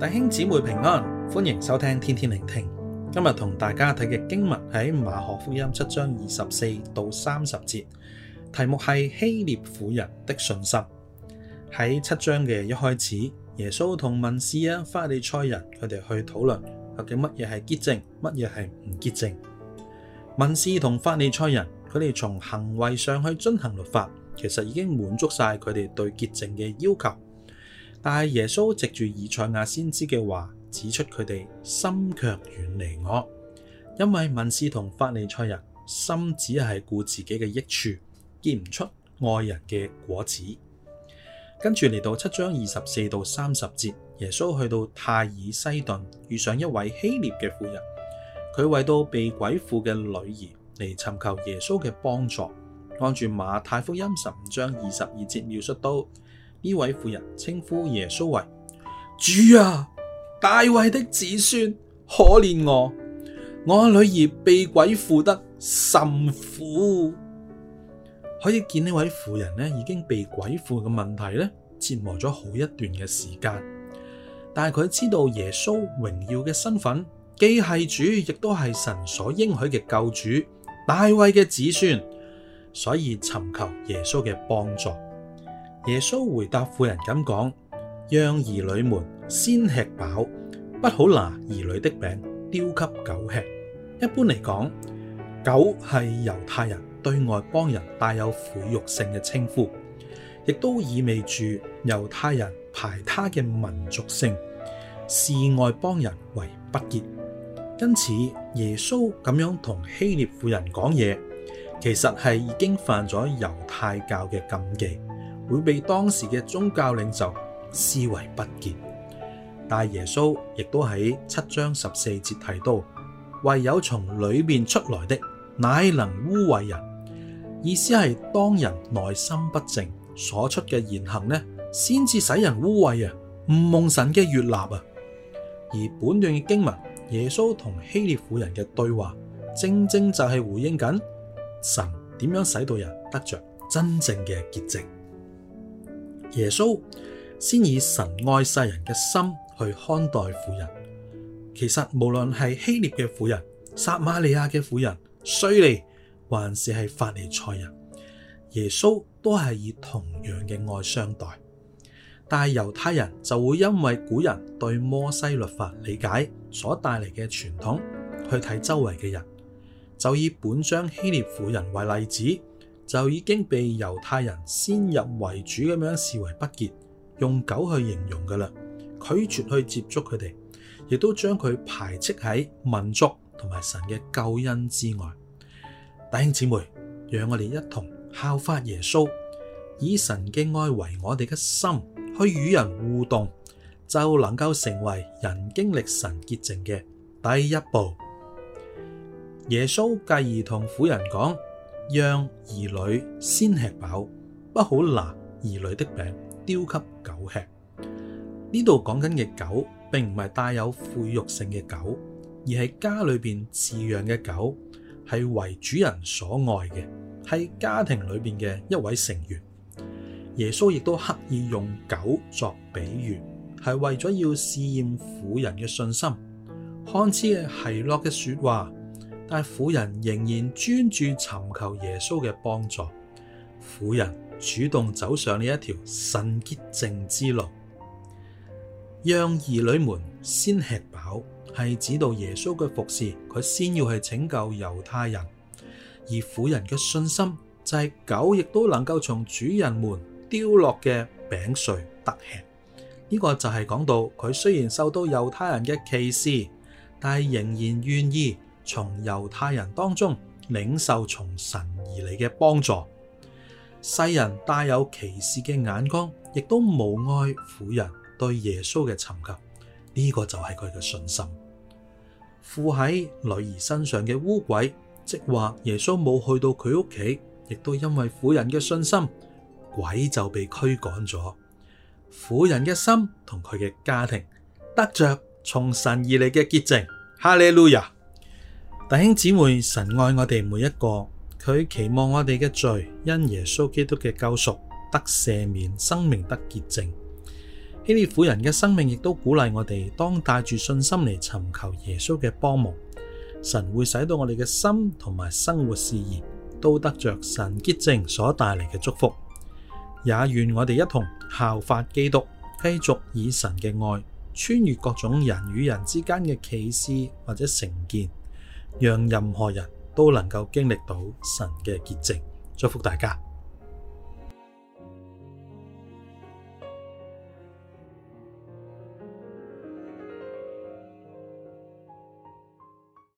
弟兄姊妹平安，歡迎收聽天天靈聽。今日同大家睇嘅經文喺馬可福音七章二十四到三十節，題目係希臘婦人的信心。喺七章嘅一開始，耶穌同文士啊、法利賽人佢哋去討論究竟乜嘢係潔淨，乜嘢係唔潔淨。文士同法利賽人佢哋從行為上去遵行律法，其實已經滿足晒佢哋對潔淨嘅要求。但耶穌藉住以賽亞先知嘅話，指出佢哋心卻遠離我，因為文士同法利賽人心只係顧自己嘅益處，結唔出愛人嘅果子。跟住嚟到七章二十四到三十節，耶穌去到泰爾西頓，遇上一位希臘嘅婦人，佢為到被鬼附嘅女兒嚟尋求耶穌嘅幫助。按住馬太福音十五章二十二節描述到。呢位婦人稱呼耶穌為主啊，大衛的子孫，可憐我，我女兒被鬼附得甚苦。可以見呢位婦人呢已經被鬼附嘅問題呢折磨咗好一段嘅時間，但係佢知道耶穌榮耀嘅身份，既係主，亦都係神所應許嘅救主，大衛嘅子孫，所以尋求耶穌嘅幫助。耶穌回答婦人咁講，讓兒女們先吃飽，不好拿兒女的餅丟給狗吃。一般嚟講，狗係猶太人對外邦人帶有侮辱性嘅稱呼，亦都意味住猶太人排他嘅民族性，視外邦人為不潔。因此，耶穌咁樣同希臘婦人講嘢，其實係已經犯咗猶太教嘅禁忌。會被當時嘅宗教領袖視為不潔。但耶穌亦都喺七章十四節提到，唯有從裏面出來的，乃能污穢人。意思係當人內心不正，所出嘅言行呢，先至使人污穢啊，唔蒙神嘅悅納啊。而本段嘅經文，耶穌同希臘婦人嘅對話，正正就係回應緊神點樣使到人得着真正嘅潔淨。耶穌先以神愛世人嘅心去看待婦人，其實無論係希臘嘅婦人、撒馬利亞嘅婦人、稅吏還是法利賽人，耶穌都係以同樣嘅愛相待。但係猶太人就會因為古人對摩西律法理解所帶嚟嘅傳統，去睇周圍嘅人，就以本章希臘婦人為例子。就已經被猶太人先入為主咁樣視為不潔，用狗去形容噶啦，拒絕去接觸佢哋，亦都將佢排斥喺民族同埋神嘅救恩之外。弟兄姊妹，讓我哋一同效法耶穌，以神嘅愛為我哋嘅心去與人互動，就能夠成為人經歷神潔淨嘅第一步。耶穌繼而同婦人講：讓兒女先吃飽，不好拿兒女的餅丟給狗吃。呢度講緊嘅狗，並唔係帶有侮辱性嘅狗，而係家裏邊飼養嘅狗，係為主人所愛嘅，係家庭裏邊嘅一位成員。耶穌亦都刻意用狗作比喻，係為咗要試驗婦人嘅信心，看似係奚落嘅說話。但婦人仍然專注尋求耶穌嘅幫助，婦人主動走上呢一條神潔淨之路，讓兒女們先吃飽，係指到耶穌嘅服侍。佢先要去拯救猶太人，而婦人嘅信心就是狗亦都能夠從主人們掉落嘅餅碎水得吃。呢、這個就是講到佢雖然受到猶太人嘅歧視，但仍然願意。從猶太人當中領受從神而來嘅幫助，世人帶有歧視嘅眼光，亦都無礙婦人對耶穌嘅尋求。呢、這個就係佢嘅信心。附喺女兒身上嘅污鬼，即或耶穌冇去到佢屋企，亦都因為婦人嘅信心，鬼就被驅趕咗。婦人嘅心同佢嘅家庭得着從神而來嘅潔淨。哈利路亞。弟兄姊妹，神愛我哋每一個，佢期望我哋嘅罪因耶穌基督嘅救贖得赦免，生命得潔淨。希臘婦人嘅生命亦都鼓勵我哋，當帶住信心嚟尋求耶穌嘅幫忙，神會使到我哋嘅心同埋生活事宜都得着神潔淨所帶嚟嘅祝福。也願我哋一同效法基督，繼續以神嘅愛穿越各種人與人之間嘅歧視或者成見。讓任何人都能夠經歷到神嘅潔淨，祝福大家。